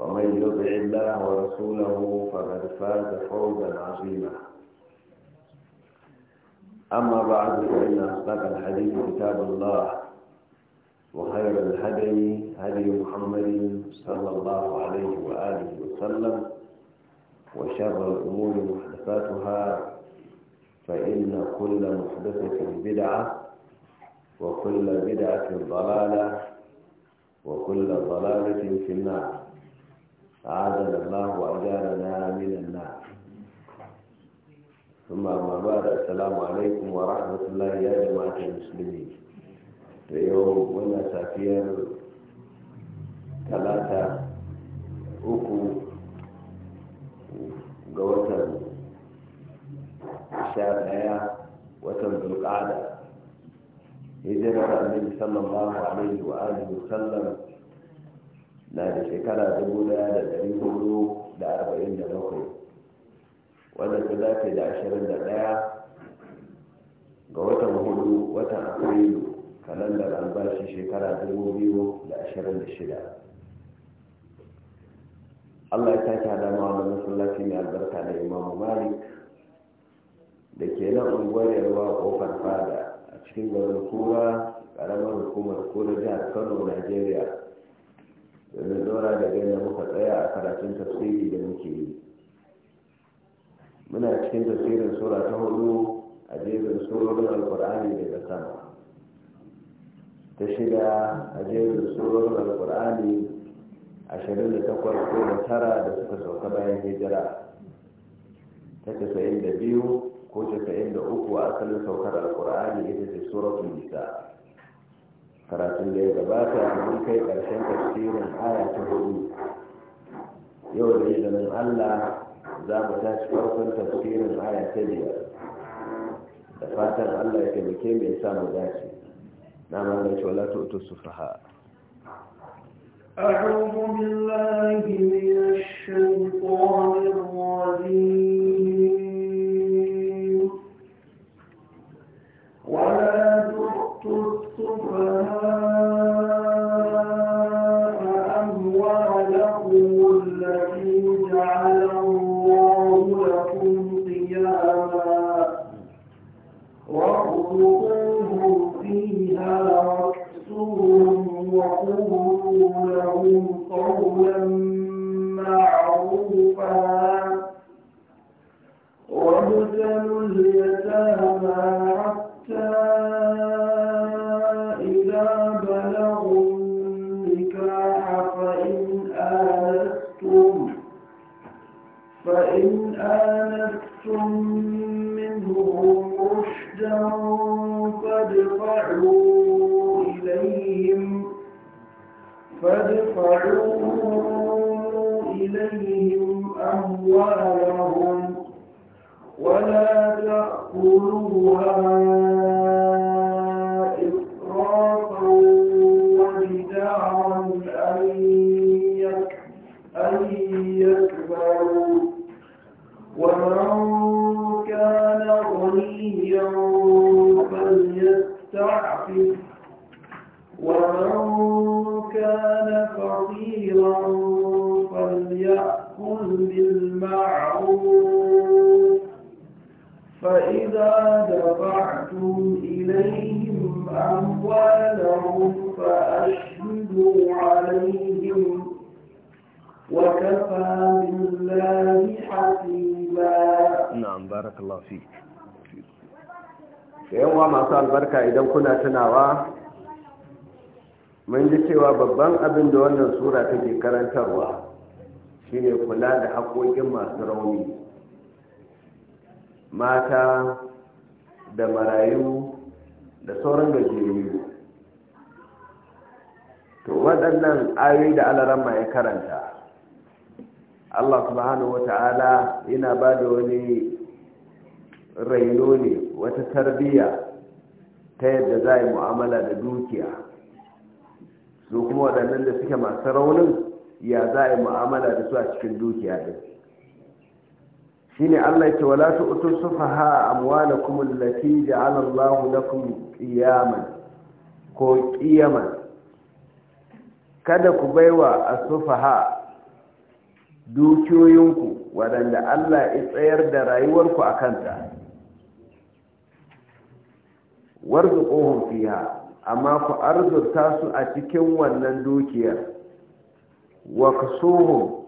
ومن يطع الله ورسوله فقد فاز فوزا عظيما أما بعد فإن أصدق الحديث كتاب الله وخير الهدي هدي محمد صلى الله عليه وآله وسلم وشر الأمور محدثاتها فإن كل محدثة بدعة وكل بدعة ضلالة وكل ضلالة في النار عادل الله وأجارنا من النار ثم أما بعد السلام عليكم ورحمة الله يا جماعة المسلمين في يوم ولا سافير ثلاثة أكو قوتا الشافعية وتنزل القعدة هجرة النبي صلى الله عليه وآله وسلم na da shekara dubu daya da dari hudu da arba'in da bakwai wanda ta dace da ashirin da daya ga watan hudu watan afrilu kalandar albashi shekara dubu biyu da ashirin da shida allah ya sake hada ma masallaci mai albarka da imamu malik da ke nan unguwar yarwa kofar fada a cikin garin kura karamar hukumar kura jihar kano nigeria. domin zaura da gani muka tsaya a karatun tafsiri da muke yi muna cikin tafsirin sura ta hudu a jerin surorin alkur'ani daga sama ta shida a jerin surorin alkur'ani ashirin da takwas ko da tara da suka sauka bayan hijira ta casa'in da biyu ko casa'in da uku a asalin saukar alkur'ani ita ce suratun nisa karatun da ya gabata mun kai ƙarshen tafsirin aya ta hudu yau da izinin allah za mu tashi farkon tafsirin aya ta biyar da fatan allah ya taimake mai sa mu dace na mana cewa la su sufaha أعوذ بالله من الشيطان الرجيم ولا قولا معروفا وابتلوا اليتامى حتى إذا بلغوا النكاح فإن آنستم فإن آنستم منهم رشدا فادفعوا إليهم فادفعوا إليهم أموالهم ولا تأكلوها إسرافا وبدارا أن يكبروا ومن كان غنيا فليستعفف ومن كان فقيرا فليأكل بالمعروف فإذا دفعتم إليهم أموالهم فأشهدوا عليهم وكفى بالله حكيما. نعم بارك الله فيك يوم ما صار بركة إذا كنا تناوى mun ji cewa babban abin da wannan sura take karantarwa shine kula da haƙoƙin masu rauni mata da marayu da sauran gajeriyu to waɗannan ayoyi da alarama ya karanta Allah subhanahu wata'ala yana ba da wani raino ne wata tarbiyya ta yadda za a yi mu'amala da dukiya su kuma waɗannan da suke masu raunin ya za a yi mu'amala da su a cikin dukiya ɗin shi ne allah ya ce wala ta utu sufaha amwala kuma lati ja'ala allahu lakum qiyaman ko kiyaman kada ku baiwa a asufaha dukiyoyinku waɗanda allah ya tsayar da rayuwarku a kanta warzuquhum fiha amma ku arzurta su a cikin wannan dukiyar wa kasuhu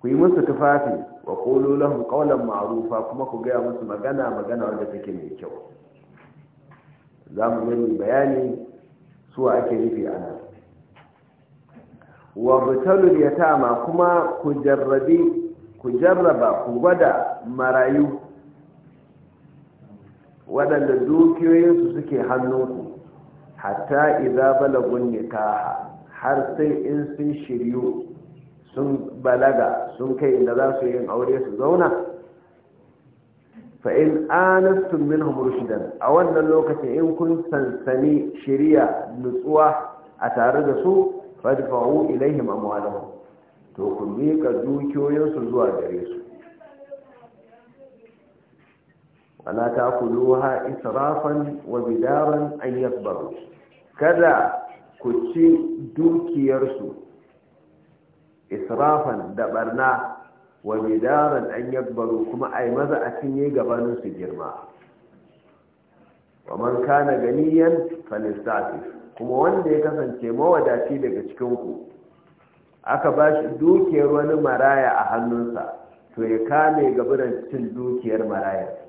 ku yi musu tufafi wa kolo lahun qawlan ma'rufa kuma ku gaya musu magana magana wanda take mai kyau za mu yi bayani su ake nufi a nan wa butalul tama kuma ku jarrabi ku jarraba ku gwada marayu waɗanda dukiyoyinsu suke hannunku hatta izabala balagun har sai in sun shiryu sun balaga sun kai inda za su yin aure su zauna fa in anastum minhum a wannan lokacin in kun sansani shiriya nutsuwa a tare da su fadfa'u ilaihim amwalahum to ku mika dukiyoyinsu zuwa gare su fala takuluha israfan wa bidaran an kada ku ci dukiyarsu israfan da barna wa bidaran an kuma ai maza a cinye gabanin girma wa man kana ganiyan falistatif kuma wanda ya kasance mawadaci daga cikin ku aka bashi dukiyar wani maraya a hannunsa to ya kame gaburan cin dukiyar marayar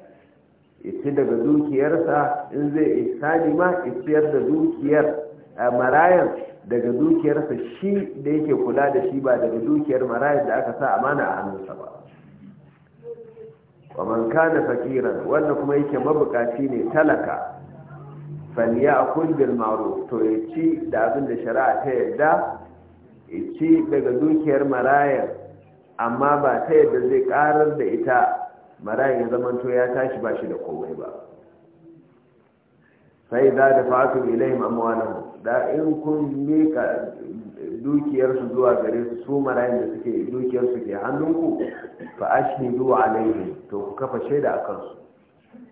ci daga dukiyarsa in zai ihsani ma isiyar da dukiyar marayar daga dukiyarsa shi da yake kula da shi ba daga dukiyar marayar da aka sa amana a hannunsa ba wa na kana fakiran wanda kuma yake mabukaci ne talaka a bil ma'ruf to ya ci da abin da shari'a ta yadda ya ci daga dukiyar marayar amma ba ta yadda zai karar da ita marayin ya zamanto ya tashi ba shi da komai ba sai za da fa'atun ilayhim amwalahu da in kun mika dukiyarsu zuwa gare su su marayin da suke dukiyarsu ke hannunku fa ashhidu alaihim to ku kafa shaida akan su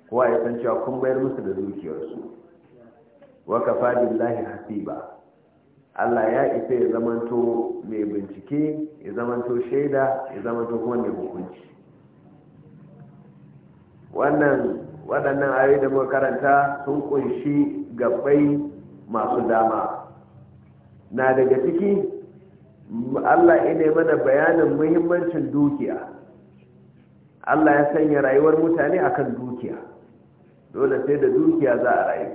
kowa ya san cewa kun bayar musu da dukiyarsu wa kafa billahi hasiba Allah ya isa ya zamanto mai bincike ya zamanto shaida ya zamanto kuma mai hukunci wannan waɗannan ayoyi da muka karanta sun kunshi gabbai masu dama na daga ciki Allah ne mana bayanin muhimmancin dukiya Allah ya sanya rayuwar mutane akan dukiya dole sai da dukiya za a rayu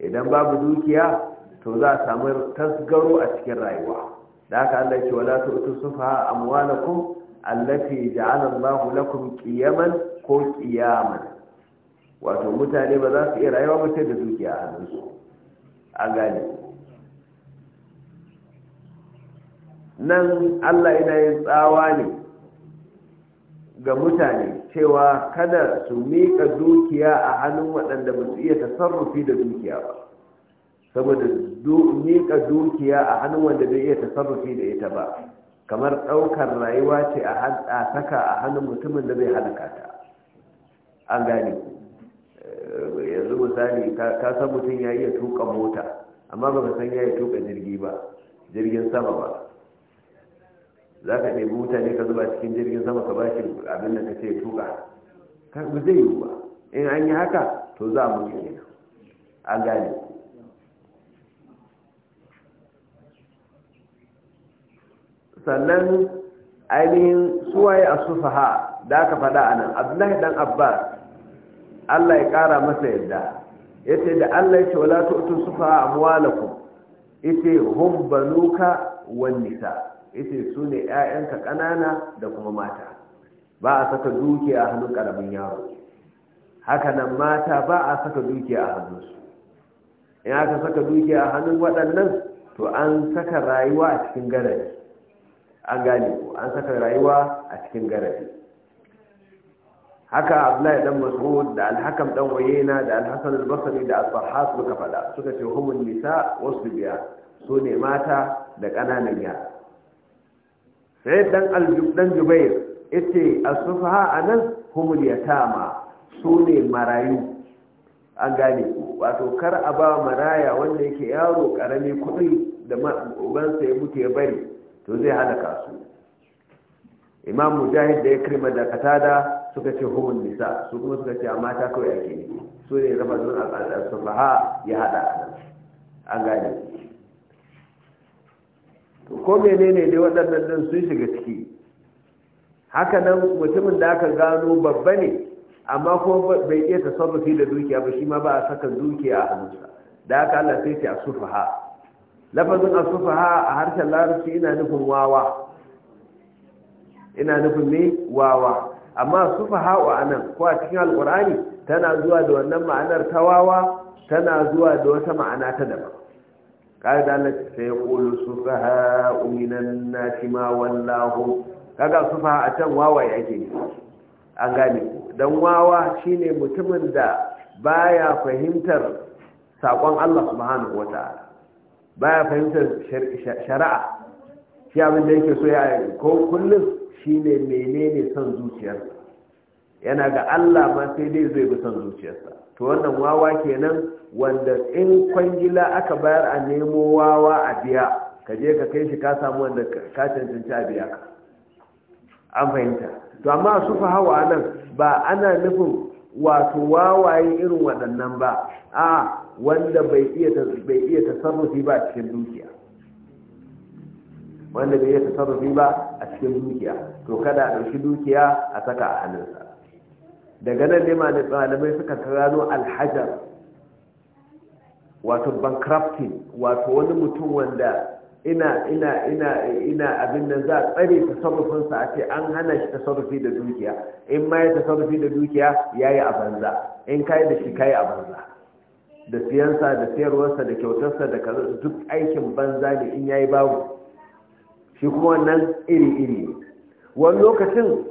idan babu dukiya to za a samu tasgaro a cikin rayuwa da haka Allah ce wala tu'tu sufaha amwalakum allati ja'ala Allahu lakum qiyaman ko qiyaman wato mutane ba za su iya rayuwa ba sai da dukiya a hannunsu a gani nan Allah yana yin tsawa ne ga mutane cewa kada su miƙa dukiya a hannun waɗanda ba su iya tasarrufi da dukiya ba saboda miƙa dukiya a hannun wanda bai iya tasarrufi da ita ba kamar ɗaukar rayuwa ce a saka a hannun mutumin da zai halaka ta an gane eh, yanzu misali ka san mutum ya iya tuka mota amma ba ka san ya iya tuka jirgi ba jirgin sama ba za ka mota mutane ka zuba cikin jirgin sama ka bashi abin da ka ce tuka ka zai yi ba in an yi haka to za a mutu ne an gane sannan ainihin suwaye a sufaha da aka faɗa a nan abdullahi dan abbas allah ya ƙara masa yadda ya ce da allah ya ce wala a sufaha Ya ce hum banuka wannisa. Ya ce su ne 'ya'yanka ƙanana da kuma mata ba a saka dukiya a hannun ƙaramin yaro haka nan mata ba a saka dukiya a hannunsu in aka saka dukiya a hannun waɗannan to an saka rayuwa a cikin garari an gane an saka rayuwa a cikin garafi haka abdullahi dan mas'ud da alhakam dan wayena da alhasan al-basri da al sahab suka fada suka ce humun nisa wasu biya su ne mata da ƙananan yara sai dan aljubdan jubair yace as-sufaha anan humul yatama su ne marayu an gane wato kar a ba maraya wanda yake yaro karami kuɗi da ubansa ya mutu ya bari to zai halaka su imam mujahid da ya kirma da katada suka ce humun nisa su kuma suka ce a mata kawai ake ne su ne zama zuwa al'adar sufaha ya hada a nan an gane to ko menene dai waɗannan ɗin sun shiga ciki haka nan mutumin da aka gano babba ne amma ko bai iya tasarrufi da dukiya ba shi ma ba a saka dukiya a hannunsa da aka Allah sai ce a sufaha lafazin asufaha a harshen larabci ina nufin wawa ina nufin ne wawa amma sufaha wa anan ko a cikin alkur'ani tana zuwa da wannan ma'anar ta wawa tana zuwa da wata ma'ana ta daban kai da Allah sai ya kulu sufaha minan nasi ma wallahu kaga sufaha a can wawa ake ne an gane dan wawa shine mutumin da baya fahimtar sakon Allah subhanahu wataala baya fahimtar shari'a shi abin da yake so ya ko kullum shine menene son zuciyarsa yana ga Allah ma sai dai zai bi son zuciyarsa to wannan wawa kenan wanda in kwangila aka bayar a nemo wawa a biya ka je ka kai shi ka samu wanda ka cancanci a biya an fahimta to amma su fa hawa nan ba ana nufin wato wawaye irin waɗannan ba a wanda bai iya tasarrufi ba a cikin dukiya wanda bai iya tasarrufi ba a cikin dukiya to kada a ɗauki dukiya a saka a hannunsa daga nan ne malamai suka gano alhajar wato bankrafting, wato wani mutum wanda ina ina ina ina abin nan za a tsare tasarrufinsa a ce an hana shi tasarrufi da dukiya in ma ya tasarrufi da dukiya ya yi a banza in kai da shi kayi a banza da siyansa da siyarwarsa da kyautarsa da kaza duk aikin banza ne in yayi babu shi kuma wannan iri-iri wani lokacin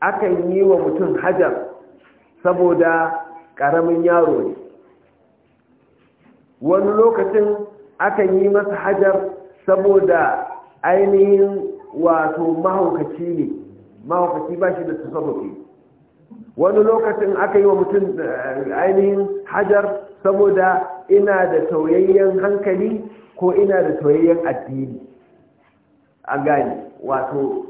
akan yi wa mutum hajar saboda ƙaramin yaro ne wani lokacin akan yi masa hajar saboda ainihin wato mahaukaci ne mahaukaci ba shi da tasarrufi wani lokacin aka yi wa mutum eh, ainihin hajar saboda ina da tauyayyen hankali ko ina da tauyayyen addini A gane wato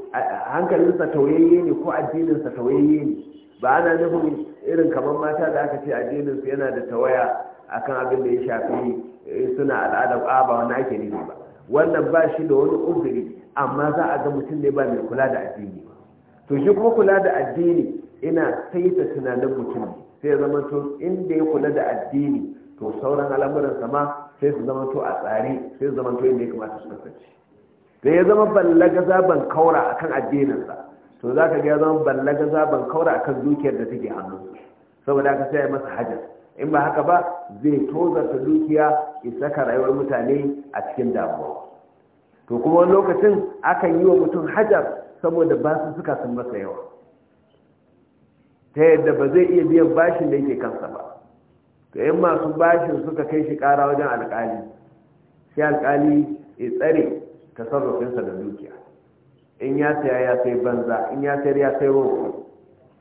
hankalinsa tauyayye ne ko addininsa tauyayye ne ba ana nufin irin kamar mata da aka ce addininsu yana da tawaya akan abin da ya shafi eh, suna al'adar a ba wani ake nufi ba wannan ba shi da wani uzuri amma za a ga mutum ne ba mai kula da addini ba to shi kuma kula da addini ina saita tunanin mutum ne sai zama to inda ya kula da addini to sauran al'amuran ma sai su zama to a tsari, sai su zama to inda ya kamata su kasance da ya zama ballaga zaben kaura akan addininsa to za ka ga ya zama ballaga zaban kaura akan dukiyar da take hannunsa saboda ka sai masa hajar in ba haka ba zai ta dukiya saka rayuwar mutane a cikin damuwa to kuma wani lokacin akan yi wa mutum hajar saboda ba su suka sun masa yawa ta yadda ba zai iya biyan bashin da yake kansa ba to yan masu bashin suka kai shi kara wajen alkali sai alkali ya tsare tasarrufinsa da dukiya in ya saya ya sai banza in ya sayar ya sai roƙo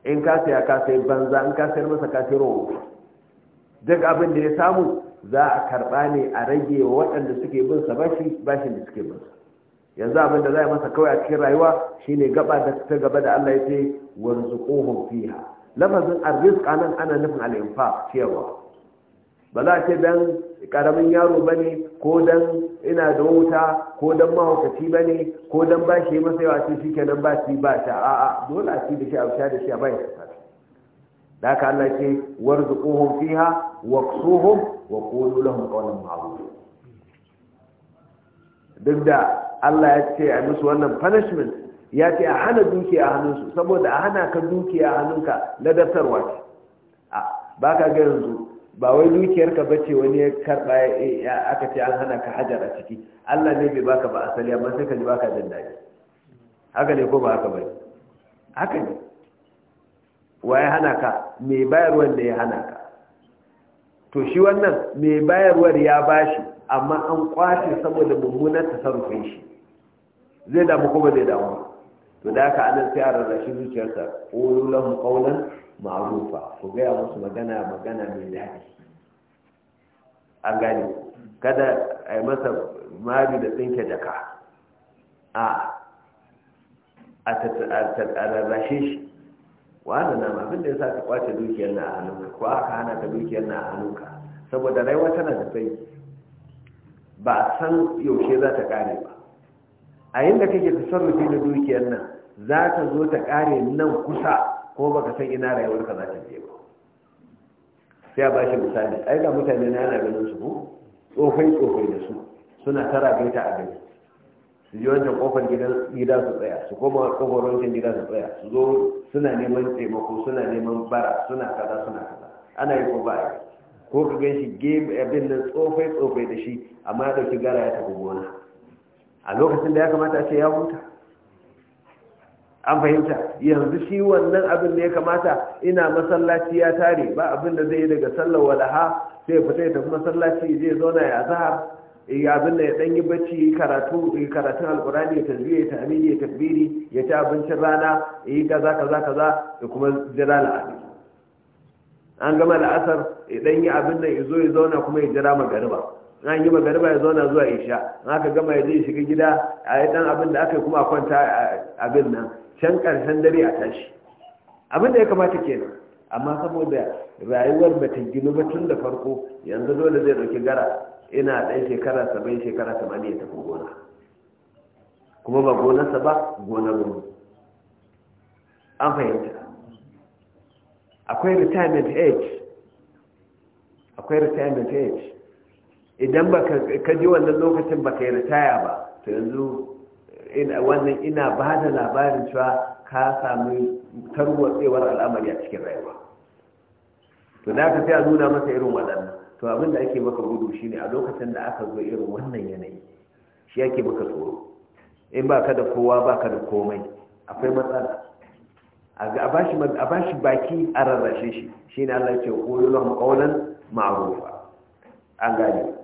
in ka saya ka sai banza in ka sayar masa ka sai roƙo duk abin da ya samu za a karɓa ne a rage wa waɗanda suke bin sa bashi bashin da suke bin sa yanzu abin da za a masa kawai a cikin rayuwa shine gaba da ta gaba da Allah ya ce wanzu ƙohon fiha lafazin arzik anan ana nufin al'infa cewa ba za ce dan karamin yaro ba ne ko dan ina da wuta ko dan mahaukaci ba ne ko dan ba shi masa yawa ce shi kenan ba shi ba ta a'a dole a ci da shi a sha da shi a bai ta da haka Allah ce warzuquhum fiha waqsuhum wa qulu lahum qawlan ma'ruf duk da Allah ya ce a musu wannan punishment ya ce a hana dukiya a hannunsu saboda a hana ka dukiya a hannunka na ladabtarwa ce ba ka ga yanzu ba wai dukiyarka ka bace wani ya karɓa aka ce an hana ka hajar a ciki allah ne bai baka ba asali amma sai ka ji baka jin daɗi haka ne ko ba haka ba haka ne wa ya hana ka mai bayarwar da ya hana ka to shi wannan mai bayarwar ya bashi amma an kwace saboda mummunar tasarrufin shi zai damu kuma zai damu to da haka anan sai a rarrashi zuciyarsa qulu lahum qawlan ma'arufa ku gaya musu magana magana mai daɗi an gane kada a yi masa mari da tsinke jaka a a rarrashe shi wani na mafin da ya sa ta kwace dukiyar na a hannunka ko aka hana ta dukiyar na a hannunka saboda rayuwa tana da tsayi ba san yaushe za ta kare ba a yin da kake tasarrufi da dukiyar nan za ta zo ta kare nan kusa ko baka san ina rayuwar ka za ta je ba sai a bashi misali ai ga mutane na yana ganin su ko tsofai tsofai da su suna tara gaita a gani su ji wancan kofar gida su tsaya su koma kofar wancan gida su tsaya su zo suna neman taimako suna neman bara suna kaza suna kaza ana yi ko ba a yi ko ka gan shi gebe abin nan tsofai tsofai da shi amma ya dauki gara ya tafi gona a lokacin da ya kamata a ce ya huta an fahimta yanzu shi wannan abin da ya kamata ina masallaci ya tare ba abin da zai yi daga sallar walaha sai fita ya tafi masallaci zai zauna ya zahar abin da ya dan yi bacci karatu karatun alkurani ya tasbiya ya tahmidi ya tabbiri ya ci abincin rana ya yi kaza kaza kaza da kuma jira la'asar an gama la'asar ya dan yi abin da ya zo ya zauna kuma ya jira magariba na yi magariba ya zauna zuwa isha in aka gama ya zai shiga gida a yi dan abin da aka yi kuma a kwanta abin nan can karshen dare a tashi abin da ya kamata nan amma saboda rayuwar ba ta gino ba tun da farko yanzu dole zai dauki gara ina ɗan shekara saba'in shekara tamanin ya tafi gona kuma ba gonarsa ba gonar mu an fahimta akwai retirement age akwai retirement age idan ba ka ji wannan lokacin ba ka yi ritaya ba to yanzu wannan ina ba da labarin cewa ka sami tarwatsewar al'amari a cikin rayuwa to da aka fiya a nuna masa irin waɗannan to abin da ake maka gudu shine a lokacin da aka zo irin wannan yanayi shi ake maka tsoro in ba ka da kowa ba ka da komai akwai matsala a ba shi baki a rarrashe shi shi ne allah ce ko yi ƙaunar ma'arufa an gane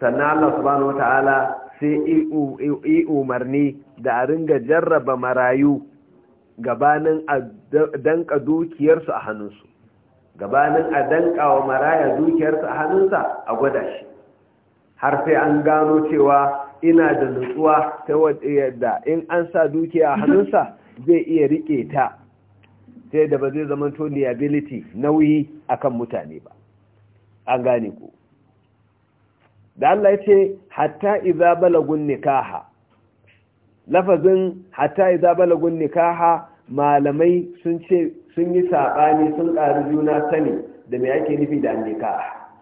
sannan Allah subhanahu ta'ala sai i umarni da a ringa jarraba marayu gabanin a danka dukiyarsu a hannunsu gabanin a danka wa maraya dukiyarsu a hannunsa a gwada shi har sai an gano cewa ina da nutsuwa ta wadda in an sa dukiya a hannunsa zai iya riƙe ta sai da ba zai zama to liability nauyi akan mutane ba an gane ku da Allah ya ce hatta iza balagun nikaha lafazin hatta iza balagun nikaha malamai sun ce sun yi saɓani sun ƙari juna sani da mai ake nufi da nikaha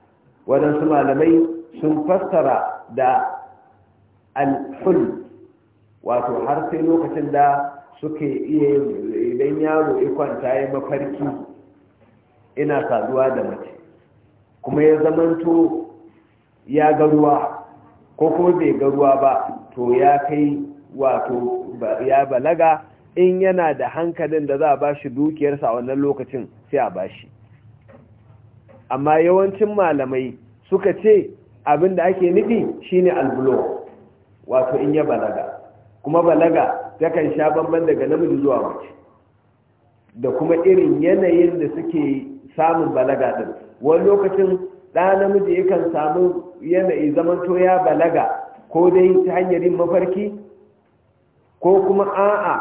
waɗansu malamai sun fassara da alhul wato har sai lokacin da suke iya idan yaro ikwanta ya mafarki ina saduwa da mace kuma ya zamanto ya ga ruwa ko kuma bai ga ba to ya kai wato ya balaga in yana da hankalin da za a ba shi dukiyarsa a wannan lokacin sai a ba shi amma yawancin malamai suka ce abin da ake nufi shine albulo wato in ya balaga kuma balaga takan sha banban daga namiji zuwa mace da kuma irin yanayin da suke samun balaga din wani lokacin da namiji yakan samu yanayi to ya balaga ko dai ta hanyar yin mafarki ko kuma a'a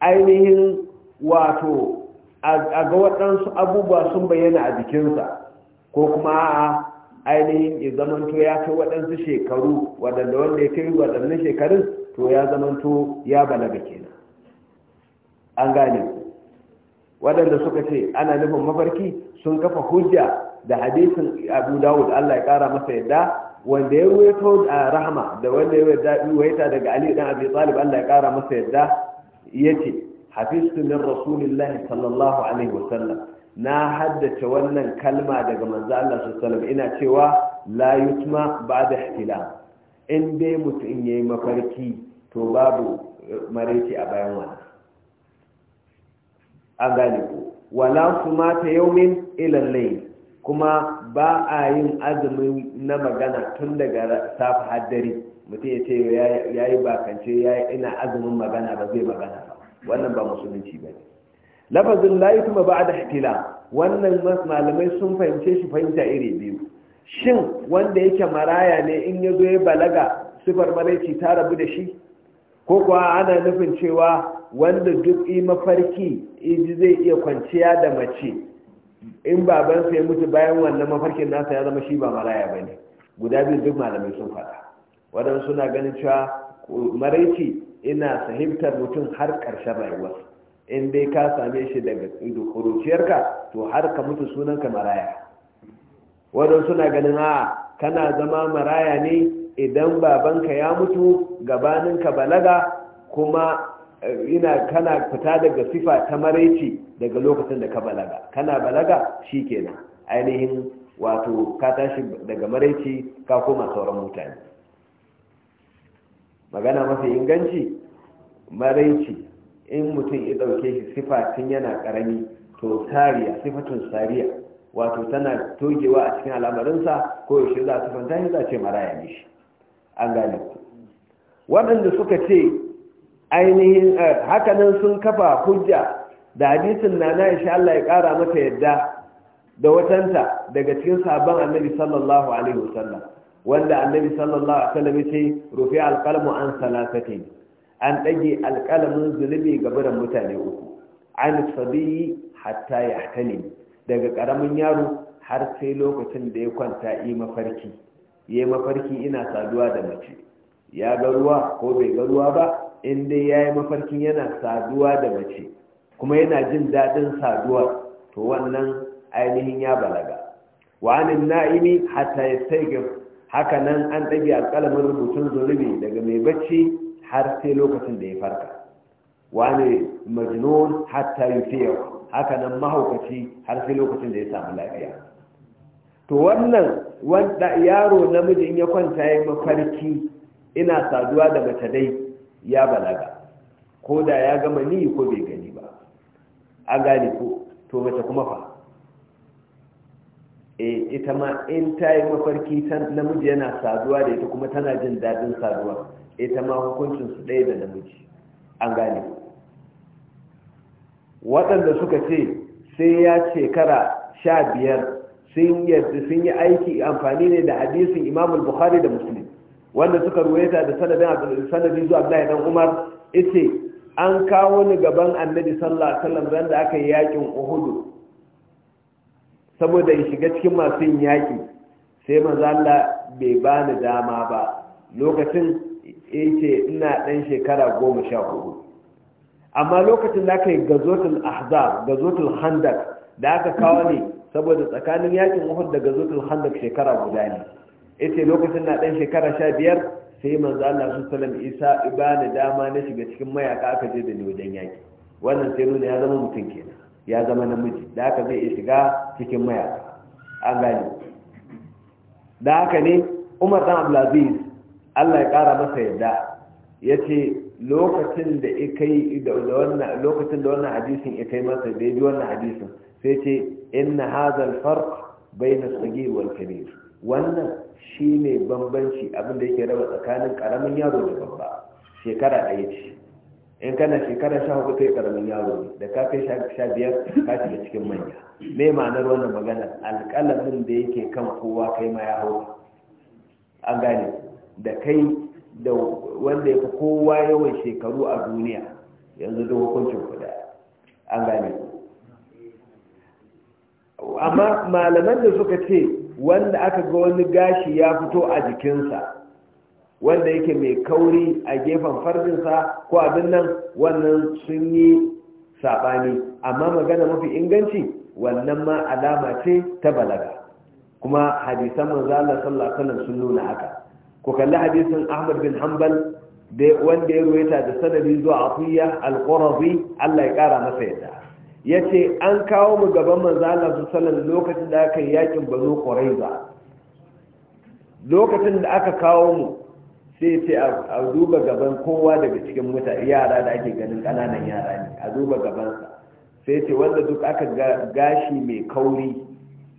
ainihin wato a ga waɗansu abubuwa sun bayyana a jikinsa ko kuma a'a ainihin ya to ya kai waɗansu shekaru waɗanda wanda ya kai waɗannan shekarun to ya to ya balaga kenan an gane waɗanda suka ce ana nufin mafarki sun kafa hujja da hadisin abu dawud allah ya kara masa yadda wanda ya ruwaito a rahma, da wanda ya ruwaita daga ali dan abi talib allah ya kara masa yadda yace hafiztu min rasulillahi sallallahu alaihi wasallam na haddace wannan kalma daga manzo allah sallallahu ina cewa la yutma ba'da ihtilam in dai mutum yayi mafarki to babu eh, mareci a bayan wannan an gane ku wala kuma ta yaumin layl kuma ba a yin azumi na magana tun daga safa har dare mutum ya ce ya yi bakance ya yi ina azumin magana ba zai magana ba wannan ba musulunci ba ne lafazin layi kuma ba da hatila wannan malamai sun fahimce shi fahimta iri biyu shin wanda yake maraya ne in ya zo ya balaga sifar maraici ta rabu da shi ko kuwa ana nufin cewa wanda duk mafarki iji zai iya kwanciya da mace in babansa ya mutu bayan wannan mafarkin nasa ya zama shi ba maraya ba ne guda biyu duk malamai sun faɗa waɗansu suna ganin cewa maraici ina sahibtar mutum har ƙarshen rayuwa in dai ka same shi daga kuruciyarka to har ka mutu sunanka maraya waɗansu suna ganin a kana zama maraya ne idan babanka ya mutu gabaninka balaga kuma eh, ina kana fita daga sifa ta maraici daga lokacin da ka balaga kana balaga shi kenan ainihin wato ka tashi daga maraici ka koma sauran mutane magana mafi inganci maraici in mutum ya ɗauke shi sifatin yana ƙarami to sariya sifatun sariya wato tana togewa a cikin al'amarinsa ko yaushe za a fanta shi za a ce maraya ne shi an gane ku waɗanda suka ce ainihin eh, hakanan sun kafa hujja da hadisin na na insha Allah ya kara maka yadda da watanta daga cikin sabon annabi sallallahu alaihi wasallam wanda annabi sallallahu alaihi wasallam yace rufi alqalamu an salasati an dage alqalamin zulumi ga mutane uku an sabi hatta yahtani daga karamin yaro har sai lokacin da ya kwanta yi mafarki yi mafarki ina saduwa da mace ya ga ruwa ko bai ga ruwa ba in dai yayi mafarkin yana saduwa da mace kuma yana jin daɗin saduwa to wannan ainihin ya balaga wa anin na'imi hatta yastaghfir haka nan an dage alƙalamin rubutun zulubi daga mai bacci har sai lokacin da ya farka wa ne majnun hatta yufiya haka nan mahaukaci har sai lokacin da ya samu lafiya to wannan wanda yaro namiji in ya kwanta ya mafarki ina saduwa da mace dai ya balaga ko da ya gama ni ko bai gani ba. an gane ko to mace kuma fa e ita ma in ta yi mafarki namiji yana saduwa da ita kuma tana jin daɗin saduwa ita ma hukuncinsu ɗaya da namiji an gane waɗanda suka ce sai ya shekara sha biyar sun yi aiki amfani ne da hadisin imam bukhari da muslim wanda suka ruwaita da sanadin zuwa abdullahi dan umar ita an kawo ni gaban annabi sallallahu alaihi wasallam ran da aka yi yakin uhud saboda in shiga cikin masu yin yaki sai manzo Allah bai bani dama ba lokacin ce ina dan shekara 14 amma lokacin da aka yi gazotul ahzab gazotul handak da aka kawo ni saboda tsakanin yakin uhud da gazotul handak shekara guda ne yace lokacin na dan shekara biyar? sai manzo Allah su sallam isa da dama na shiga cikin mayaka aka je da ni wajen yaki wannan sai nuna ya zama mutum kenan ya zama namiji da aka zai iya shiga cikin mayaka an gane da haka ne Umar dan Abdulaziz Allah ya kara masa yadda yace lokacin da ikai da wannan lokacin da wannan hadisin ikai masa da yaji wannan hadisin sai ce inna hadha al-farq bayna as-saghir wal-kabir wannan Shi shine bambanci abinda yake raba tsakanin karamin yaro da babba shekara ɗaya ce in kana shekara sha hudu kai karamin yaro ne da ka kai sha biyar ka shiga cikin manya me ma'anar wannan magana alƙalamin da yake kan kowa kai ma ya hau an gane da kai da wanda ya fi kowa yawan shekaru a duniya yanzu da hukuncin kuɗa an gane amma malaman da suka ce wanda aka ga wani gashi ya fito a jikinsa wanda yake mai kauri a gefen farjinsa ko abin nan wannan sun yi saɓani amma magana mafi inganci wannan ma alama ce ta balaga kuma hadisan manzo Allah sallallahu alaihi wasallam sun nuna haka ko kalli hadisin Ahmad bin Hanbal da wanda ya ruwaita da sanadi zuwa Afiya al-Qurazi Allah ya kara masa yadda ya ce an kawo mu gaban manzana su salam lokacin da aka yi yakin kwarai ba lokacin da aka kawo mu sai ce a duba gaban kowa daga cikin mutane yara da ake ganin kananan yara ne a duba gabansa sai ce wanda duk aka gashi mai kauri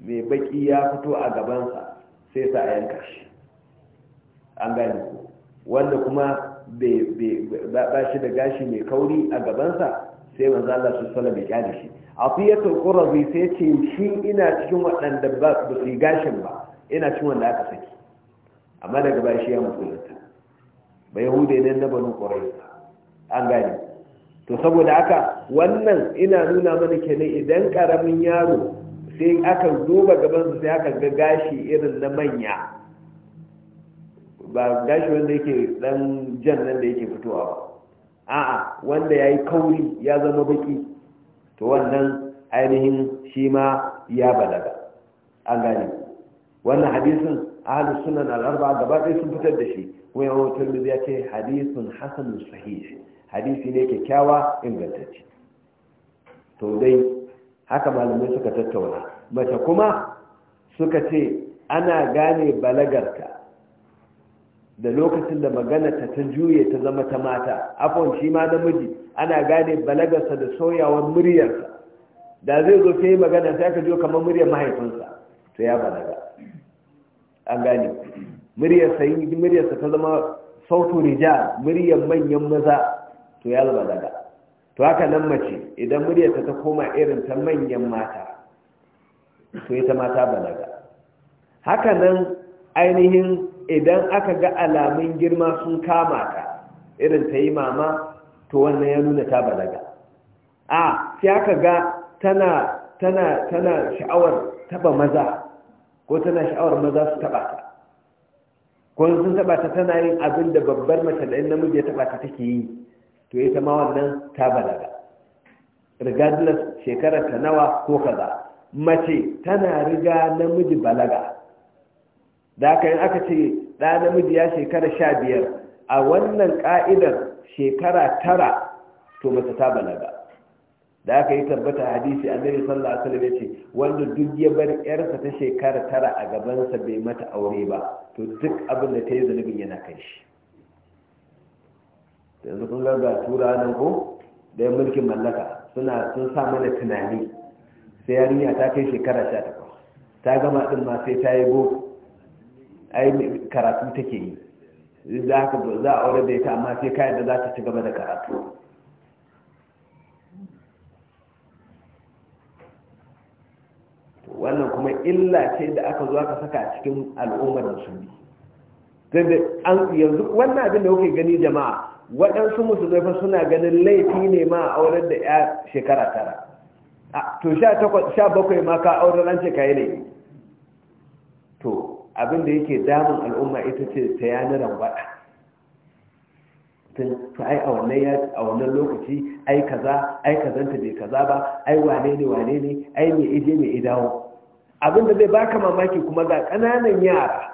mai baki ya fito a gabansa sai sa a yanka shi an gani wanda kuma ba shi da gashi mai kauri a gabansa sai manzo Allah su sallam ya kyale shi afiyatul qurbi sai ce shi ina cikin waɗanda ba su yi gashin ba ina cikin wanda aka saki amma daga baya shi ya musulunta ba yahude ne na banu qurayza an gane to saboda haka wannan ina nuna mana kenan idan karamin yaro sai aka duba gaban su sai aka ga gashi irin na manya ba gashi wanda yake dan jan nan da yake fitowa ba a'a wanda ya yi kauri ya zama baki to wannan ainihin shi ma ya balaga an gane wannan hadisin ahalus sunan al'arba gaba ɗaya sun fitar da shi kuma yawon turmiz ya ce hadisin hasanun sahih hadisi ne kyakkyawa ingantacce to dai haka malamai suka tattauna mace kuma suka ce ana gane balagarta da lokacin da magana ta ta juye ta zama ta mata afon shi ma namiji ana gane balagarsa da sauyawar muryarsa da zai zo sai magana sai ka jo kamar muryar mahaifinsa to ya balaga an gane muryarsa yi muryarsa ta zama sautu rija muryar manyan maza to ya balaga to haka nan mace idan muryarsa ta koma irin ta manyan mata to ita mata balaga haka nan ainihin idan aka ga alamun girma sun kama ka irin ta yi mama to wannan ya nuna ta balaga a sai aka ga tana tana tana sha'awar taba maza ko tana sha'awar maza su taba ta ko sun taba ta tana yin abin da babbar mace da namiji ya taba ta take yi to ya ta ma wannan ta balaga regardless shekarar ta nawa ko kaza mace tana riga namiji balaga da haka yin aka ce ɗa namiji ya shekara sha biyar a wannan ƙa'idar shekara tara to mace ta balaga da aka yi tabbata hadisi annabi sallallahu alaihi wasallam yace wanda duk ya bar yarsa ta shekara tara a gabansa bai mata aure ba to duk abin da ta yi zunubin yana kai shi yanzu kun ga ga tura nan ko da mulkin mallaka suna sun sa mana tunani sai yarinya ta kai shekara 18 ta gama din ma sai ta yi ai karatu take yi za ka za a aure da ita amma sai kayan da za ta ci gaba da karatu wannan kuma illa ce da aka zo aka saka cikin al'ummar musulmi yanzu wannan abin da kuke gani jama'a waɗansu musulmai fa suna ganin laifi ne ma a auren da ya shekara tara to sha bakwai ma ka auren an ce ka yi abin da yake damun al'umma ita ce ta yana rangwada ta ai a wannan lokaci ai kaza ai kazanta bai kaza ba ai wane ne wane ne ai mai ije mai idawo abin da zai baka mamaki kuma ga ƙananan yara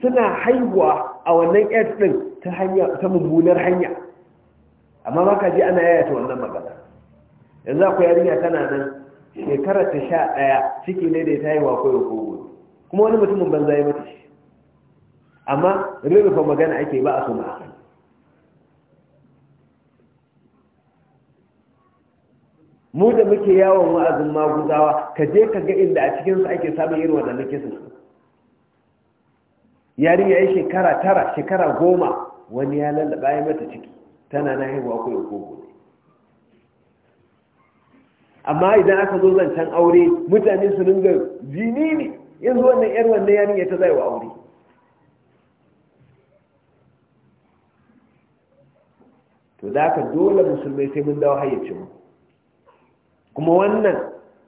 suna haihuwa a wannan aids ɗin ta hanya ta mummunar hanya amma ba ka ji ana yayata wannan magana yanzu akwai yarinya tana nan shekara ta sha ɗaya ciki ne da ta haihuwa ko ko kuma wani mutumin banza ya mutu amma rurrufa magana ake ba a suna mu da muke yawon wa'azin maguzawa ka je ka ga inda a cikinsu ake samun irin waɗannan kisan yari ya shekara tara shekara goma wani ya lallaba ya mata ciki tana na haihuwa ko ya kogo amma idan aka zo zancen aure mutane su ringa jini ne yanzu wannan yar wanda yarinya ta zai wa aure to da ka dole musulmai sai mun dawo mu. kuma wannan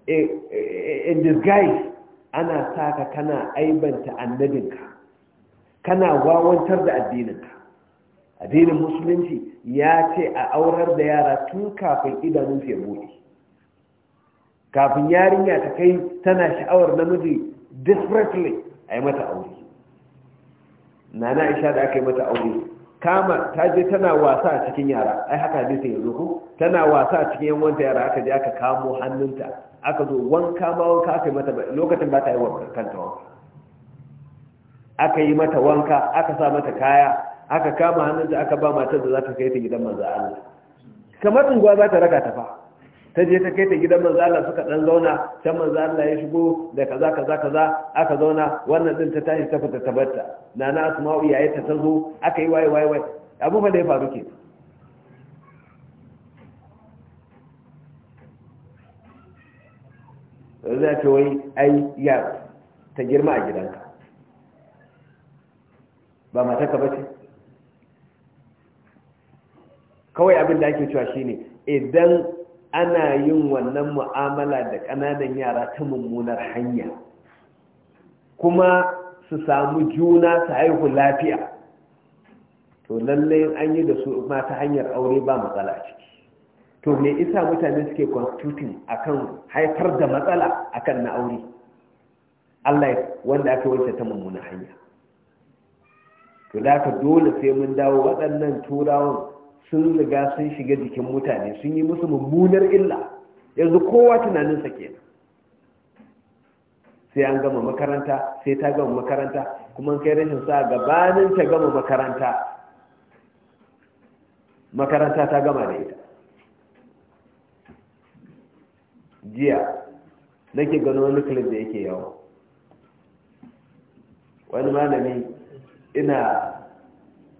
eh, eh, eh, in disguise ana saka kana aibanta annabinka kana wawantar da addininka addinin musulunci ya ce a aurar da yara tun kafin idanun ya buɗe kafin yarinya ta kai tana sha'awar namiji desperately a yi mata aure na isha da aka yi mata aure kama ta je tana wasa a cikin yara ai haka ne sai yanzu ko tana wasa a cikin yanwanta yara aka je aka kamo hannunta aka zo wanka ma wanka aka yi mata lokacin ba ta yi wa kanta wanka aka yi mata wanka aka sa mata kaya aka kama hannunta aka ba matar da za ta kai ta gidan manzo Allah kamar unguwa za ta raka ta fa ta je ta kai ta gidan manzo Allah suka dan zauna can manzo Allah ya shigo da kaza kaza kaza aka zauna wannan din ta tashi ta fita ta barta nana asma'u yayi ta tazo aka yi waye waye waye abu fa da ya faru ke za ta wai ai ya ta girma a gidanka ba mata ka bace kawai abin da ake cewa shine idan ana yin wannan mu'amala da ƙananan yara ta mummunar hanya kuma su samu juna su haihu lafiya to lallai an yi da su ma ta hanyar aure ba matsala ciki to me isa mutane suke constituting akan haifar da matsala akan na aure Allah wanda aka wuce ta mummunar hanya to da dole sai mun dawo waɗannan turawan sun riga sun shiga jikin mutane sun yi musu mummunar illa yanzu kowa tunaninsa kenan sai an gama makaranta sai ta gama makaranta kuma kai rashin sa gabanin ta gama makaranta makaranta ta gama da ita jiya nake gano wani clip da yake yawa wani malami ina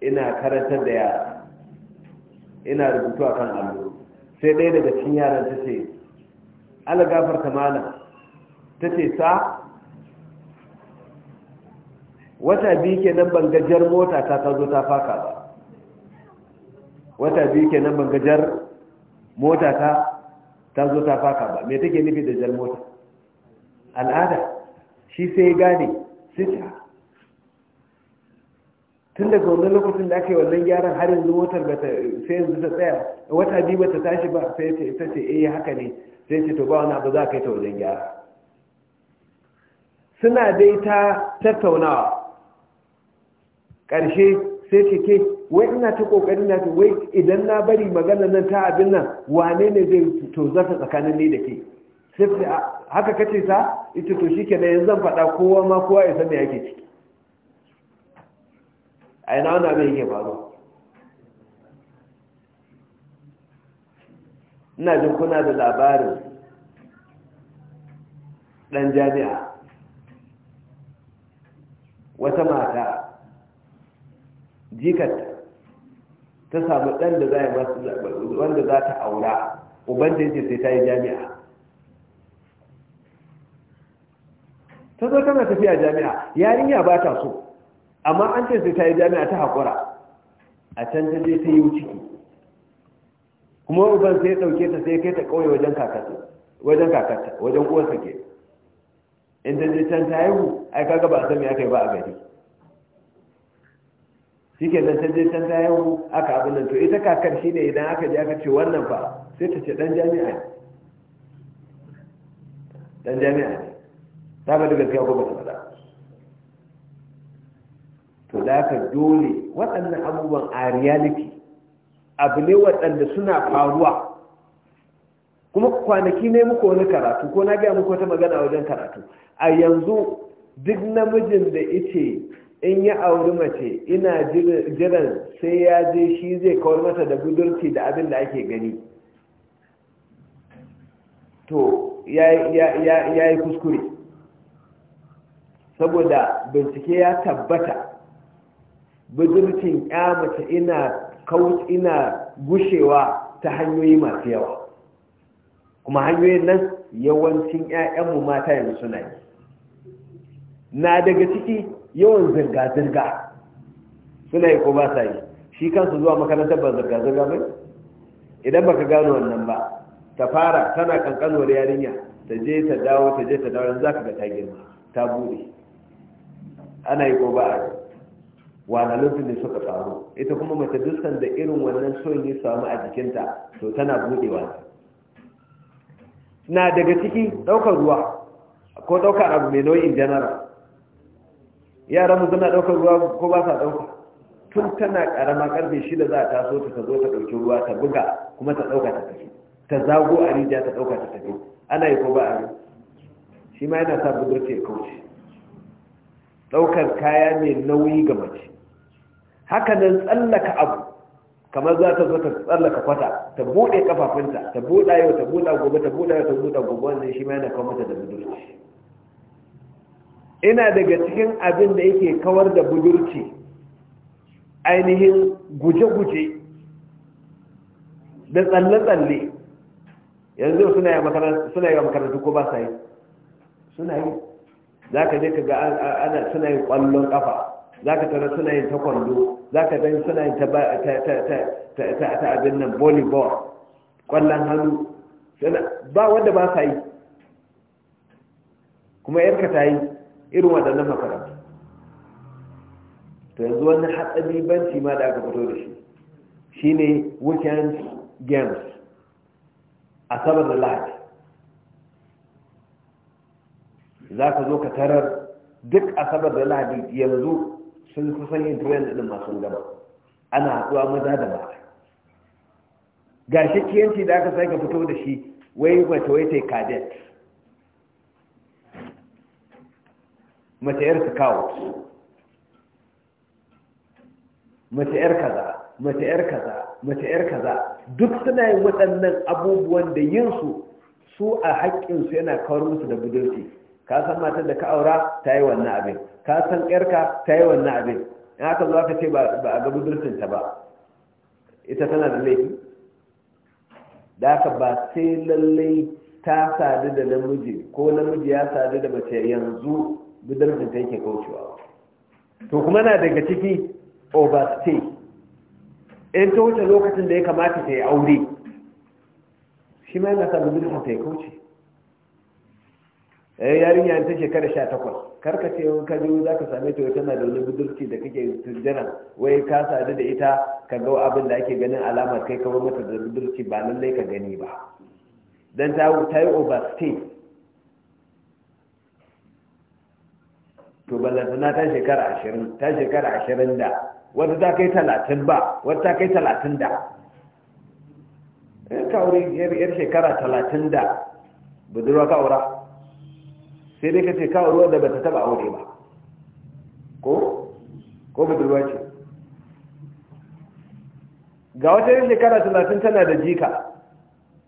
ina karantar da yara ina rubutu a kan allo sai ɗaya daga cikin yaran ta ce ala gafarta mala, ta ce sa wata biyu nan ban gajar mota ta ta zo ta faka ba wata biyu kenan ban gajar mota ta ta zo ta faka ba me take nufi da jar mota al'ada shi sai ya gane sita tun daga wannan lokacin da aka yi wannan gyaran har yanzu motar bata sai yanzu ta tsaya wata biyu bata tashi ba sai ce ita ce eh haka ne sai ce to ba wani abu za ka yi ta wajen gyara suna dai ta tattaunawa ƙarshe sai ce ke wai ina ta kokari na wai idan na bari magana nan ta abin nan wane ne zai to zafi tsakanin ni da ke sai haka kace sa ita to shi kenan yanzu zan faɗa kowa ma kowa ya san me yake ciki a yana wani abin yake faru ina jin kuna da labarin ɗan jami'a wata mata Jikat ta samu ɗan da za masu wanda za ta aura ubanta yake sai ta yi jami'a ta zo tana tafiya jami'a yarinya ba ta so amma an ce sai ta yi jami'a ta haƙura a can ta je ta yi ciki kuma uban sai ya ɗauke ta sai kai ta ƙauye wajen kakata wajen kakata wajen uwarsa ke in ta je can ta haihu ai kaga ba a san me aka yi ba a gari shi ke nan ta je can ta haihu aka abin nan to ita kakar shi ne idan aka je aka ce wannan fa sai ta ce ɗan jami'a ne ɗan jami'a ne ta ga da gaskiya ko ba ta faɗa to da ka dole waɗannan abubuwan a reality abu ne waɗanda suna faruwa kuma kwanaki ne muku wani karatu ko na gaya muku wata magana wajen karatu a yanzu duk namijin da ice in ya auri mace ina jiran sai ya je shi zai kawar mata da budurci da abin da ake gani to ya yi kuskure saboda bincike ya tabbata budurcin ya mace ina kauc ina gushewa ta hanyoyi masu yawa kuma hanyoyin nan yawancin ƴaƴanmu mata yanzu suna yi na daga ciki yawan zirga-zirga suna yi ko ba sa yi shi kansu zuwa makarantar ba zirga-zirga mai idan baka gano wannan ba ta fara tana kankanuwar yarinya ta je ta dawo ta je ta dawo yanzu zaka ga ta girma ta bude ana yi ko ba a yi wahalhalun da suka faru ita kuma mace dukkan da irin wannan son ya samu a jikinta to tana budewa na daga ciki daukar ruwa ko daukar abu mai nau'in janara yaran mu suna daukar ruwa ko ba sa dauka tun tana karama shi shida za ta taso ta zo ta dauki ruwa ta buga kuma ta dauka ta tafi ta zago a rijiya ta dauka ta tafi ana yi ko ba a shi ma yana sa budurce kauce daukar kaya mai nauyi ga mace haka nan tsallaka abu kamar za ta zo ta tsallaka kwata ta buɗe kafafunta ta buɗa yau ta buɗa gobe ta buɗa yau ta buɗa gobe wannan shi ma yana kawo mata da budurci ina daga cikin abin da yake kawar da budurci ainihin guje-guje da tsalle-tsalle yanzu suna yi wa makarantu ko ba sa yi suna yi za ka je ka ga ana suna yin kwallon kafa za ka tara suna yin takwando za ka gani suna yin ta abin nan volleyball kwallon hannu ba wanda ba sa yi kuma yar ka ta yi irin waɗannan makaranta to yanzu wani hatsari banci ma da aka fito da shi shine weekend games saman da lahadi za ka zo ka tarar duk saman da lahadi yanzu sun kusan yin turan din masu sun gaba ana haɗuwa maza da mata ga shakiyanci da aka sake fito da shi wai mata wai tai cadet mace yar scout mace yar kaza mace yar kaza mace yar kaza duk suna yin waɗannan abubuwan da yin su su a haƙƙinsu yana kawar musu da budurci ka san matar da ka aura ta yi wannan abin ka san yarka ta yi wannan abin in haka zo ka ce ba a ga budurcinta ba ita tana da laifi da haka ba sai lallai ta sadu da namiji ko namiji ya sadu da mace yanzu budurcinta yake kaucewa to kuma na daga ciki overstay in ta wuce lokacin da ya kamata ta yi aure shi ma yana sa budurcinta ya kauce eh yarinya ta shekara 18 karka ce in ka biyu ka same ta tana da wani budurci da kake tijjana wai ka sadu da ita ka ga abin da ake ganin alama kai ka mata da budurci ba lallai ka gani ba dan ta ta yi overstay to ballantana ta shekara ashirin ta shekara ashirin da wata ta kai talatin ba wata ta kai talatin da eh, ka wuri yar shekara talatin da budurwa ka wura sai dai ka ce kawo ruwan da ba ta taba aure ba ko ko budurwa ce ga wata yin shekara talatin tana da jika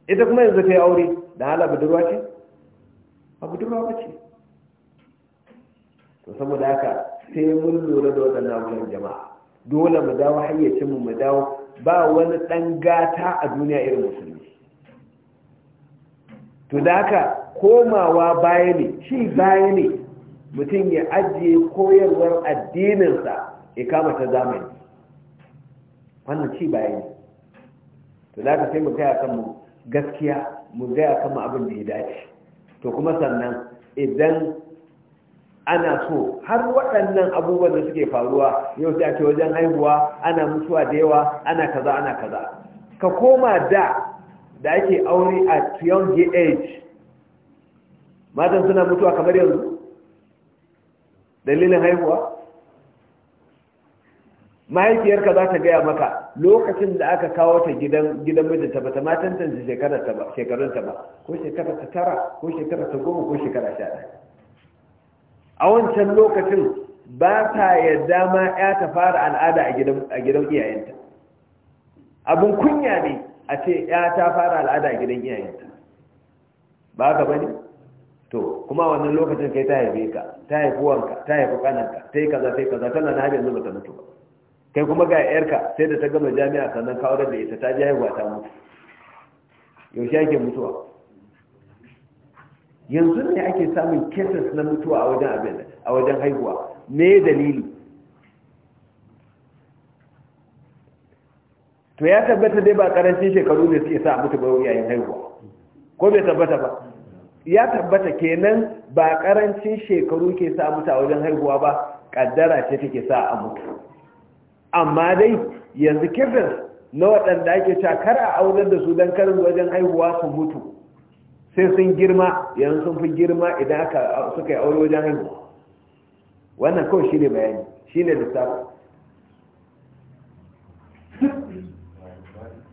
ita kuma yanzu ta yi aure da hala budurwa ce a budurwa ba ce to saboda haka sai mun lura da waɗannan abubuwan jama'a dole mu dawo hayyacinmu mu dawo ba wani ɗan gata a duniya irin musulmi to da haka komawa baya ne shi baya ne mutum ya ajiye koyarwar addininsa ya kama ta zamani wannan ci baya ne to da haka sai mu gaya mu gaskiya mu gaya kanmu abin da ya dace to kuma sannan idan ana so har waɗannan abubuwan da suke faruwa yau sai a ce wajen haihuwa ana mutuwa da yawa ana kaza ana kaza ka koma da da ake aure a young age matan suna mutuwa kamar yanzu dalilin haihuwa mahaifiyarka za ta gaya maka lokacin da aka kawo ta gidan gidan ta ba ta ma tantance shekararta ba ta ba ko shekara ta tara ko shekara ta goma ko shekara sha ɗaya a wancan lokacin ba ta yadda ma ya ta fara al'ada a gidan iyayenta abin kunya ne a ce ya ta fara al'ada gidan iyayenta ba ka bane to kuma wannan lokacin kai ta haife ka ta haifi wanka ta haifi kananka ta yi kaza ta yi kaza tana na yanzu bata mutu ba kai kuma ga yarka sai da ta gama jami'a sannan kawo da ita ta ji haihuwa ta mutu yaushe ake mutuwa yanzu ne ake samun cases na mutuwa a wajen haihuwa me dalili to ya tabbata dai ba karancin shekaru ne suke sa a mutu bayan yayin haihuwa ko bai tabbata ba ya tabbata kenan ba karancin shekaru ke sa mutu a wajen haihuwa ba kaddara ce take sa a mutu amma dai yanzu kifin na waɗanda ake cewa kar a aunar da su don karin wajen haihuwa su mutu sai sun girma yanzu sun fi girma idan suka yi aure wajen haihuwa wannan kawai shi ne bayani shi ne lissafi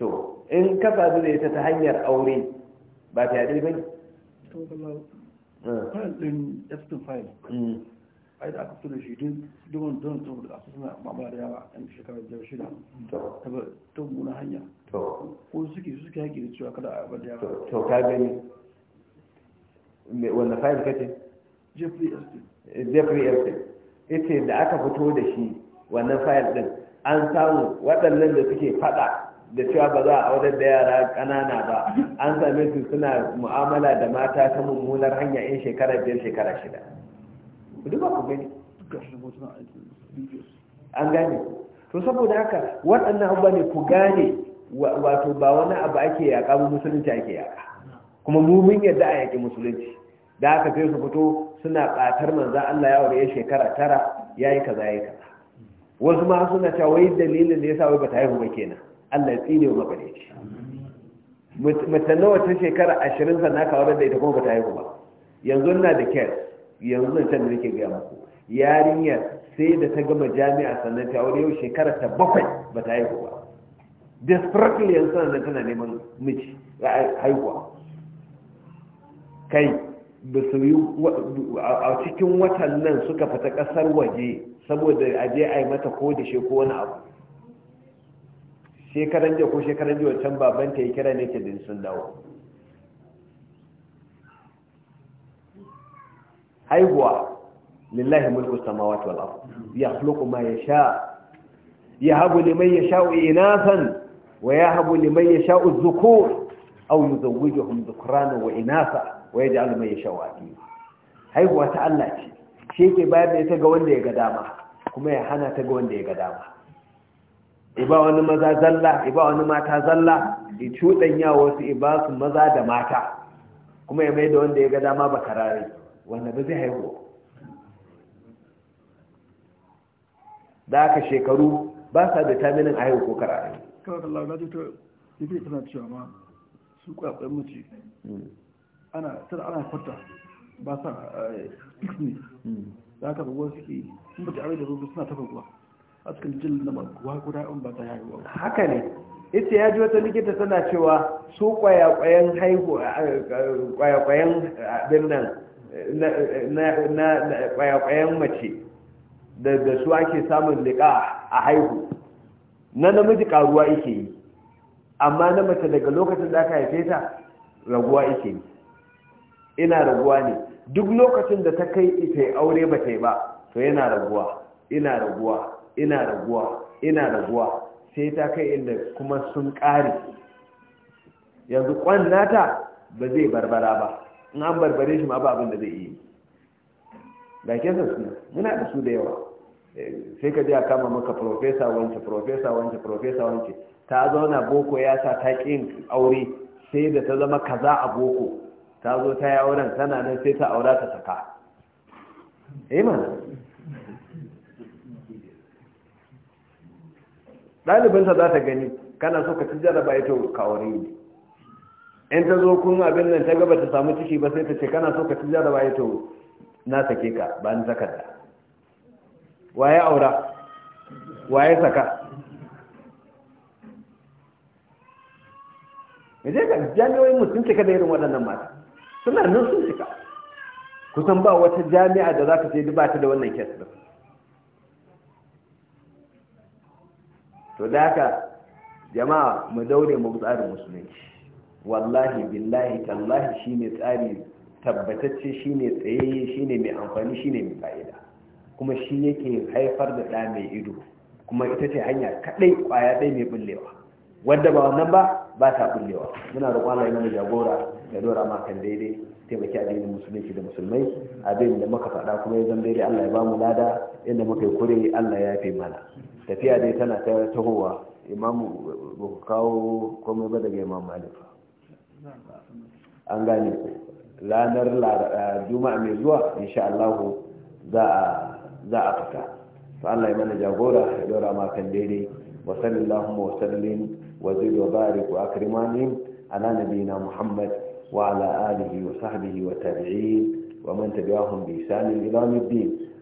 to in ka sadu da ta hanyar aure ba ta yaɗe ba ne? Ah. fayil ɗin estin fayil mm. ai da aka fito da shi din don don don da asusun mamala da yawa yan shekarar biyar shida ta muna hanya ko suke suke haƙi da cewa kada a yaba da yawa to ka gani wanda fayil kace jeffrey estin eh, jeffrey estin ita da aka fito da shi wannan fayil din an samu waɗannan da suke faɗa da cewa ba za a aure da yara ƙanana ba an same su suna mu'amala da mata ta mummunar hanya in shekara biyar shekara shida duk ku gani an gane to saboda haka waɗannan abu ne ku gane wato ba wani abu ake yaƙa ba musulunci ake yaƙa kuma mu mun yadda a yaƙi musulunci da aka kai su fito suna ɓatar manzan Allah ya aure ya shekara tara ya yi kaza ya yi kaza wasu ma suna cewa wai dalilin da ya sa wai ba ta haihu ba kenan Allah ya tsine wa gare shi nawa ta shekara ashirin sannan ka wadar da ita kuma ba ta haihu ba yanzu na da kes yanzu na can da nake gaya muku Yarinyar sai da ta gama jami'a sannan ta wani yau shekara ta bakwai ba ta haihu ba desperately yanzu sannan tana neman miji haihuwa kai ba su yi a cikin watan nan suka fita kasar waje saboda aje a yi mata ko da ko wani abu shekaran jiya ko shekaran jiya wancan babanta ya kira ne ta din sun dawo haihuwa lillahi mulku samawati wal Ya yakhluqu ma yasha yahabu liman yasha inathan wa yahabu liman yasha'u dhukur aw yuzawwijuhum dhukrana wa inatha wa yaj'alu man yasha aqima haihuwa ta Allah ce shi yake bayar da ita ga wanda ya ga dama kuma ya hana ta ga wanda ya ga dama iba wani maza zalla iba wani mata zalla i cuɗanya wasu iba su maza da mata kuma ya mai da wanda ya ga dama ba karare wanda ba zai haihu da aka shekaru ba sa da taminin a haihu ko karare kawai kallon na jito ibi tana cewa ma su kwakwai mace hmm. ana tana ana kwata ba sa eh, fix ne za hmm. ka buwa suke sun ba ta aure da rubu suna tafa askin cikin da maguwa guda in ba ta wa haka ne ita ya ji wata likita tana cewa su kwayakwayen haihu kwayakwayen abin nan na kwayakwayen mace da su ake samun liƙa a haihu na namiji karuwa ike yi amma na mace daga lokacin da aka haife ta raguwa ike yi ina raguwa ne duk lokacin da ta kai ita aure ba ta yi ba to yana raguwa ina raguwa ina raguwa ina raguwa sai ta kai inda kuma sun ƙare yanzu kwan nata ba zai barbara ba in an barbare shi ma ba abin da zai yi ga kesa su muna da su da yawa sai ka ji a kama maka profesa wance profesa wance profesa wance ta zauna boko ya sa ta ƙin aure sai da ta zama kaza a boko ta zo ta yi auren tana nan sai ta aura ta saka eh ɗalibinsa za ta gani kana so ka ci jaraba ya to ka ne in ta zo kun abin nan ta gaba ta samu ciki ba sai ta ce kana so ka ci jaraba ya to na sake ka ba ni da waye aura waye saka zai ka jami'o'in mutum sun cika da irin waɗannan mata suna nan sun cika kusan ba wata jami'a da za ka ce ba ta da wannan kes to da haka jama'a mu daure mu tsarin musulunci wallahi billahi tallahi shine tsari tabbatacce shine tsayayye shine mai amfani shine mai fa'ida kuma shi yake haifar da ɗa mai ido kuma ita ce hanya kaɗai kwaya ɗai mai bullewa wadda ba wannan ba ba ta bullewa muna roƙon Allah ya mana jagora ya dora ma kan daidai taimaki addinin musulunci da musulmai abin da muka faɗa kuma ya zama daidai Allah ya bamu lada inda muka yi kure Allah ya fi mana tafiya dai tana ta tahowa imamu ba ku kawo komai ba daga imam malik an gane ranar eh, juma'a mai zuwa insha Allah za a za a fita to Allah ya mana jagora ya dora ma daidai wa sallallahu wa sallim wa zid wa barik wa akrimani ala nabiyina muhammad wa ala alihi wa sahbihi wa tabi'in wa man tabi'ahum bi ihsan ila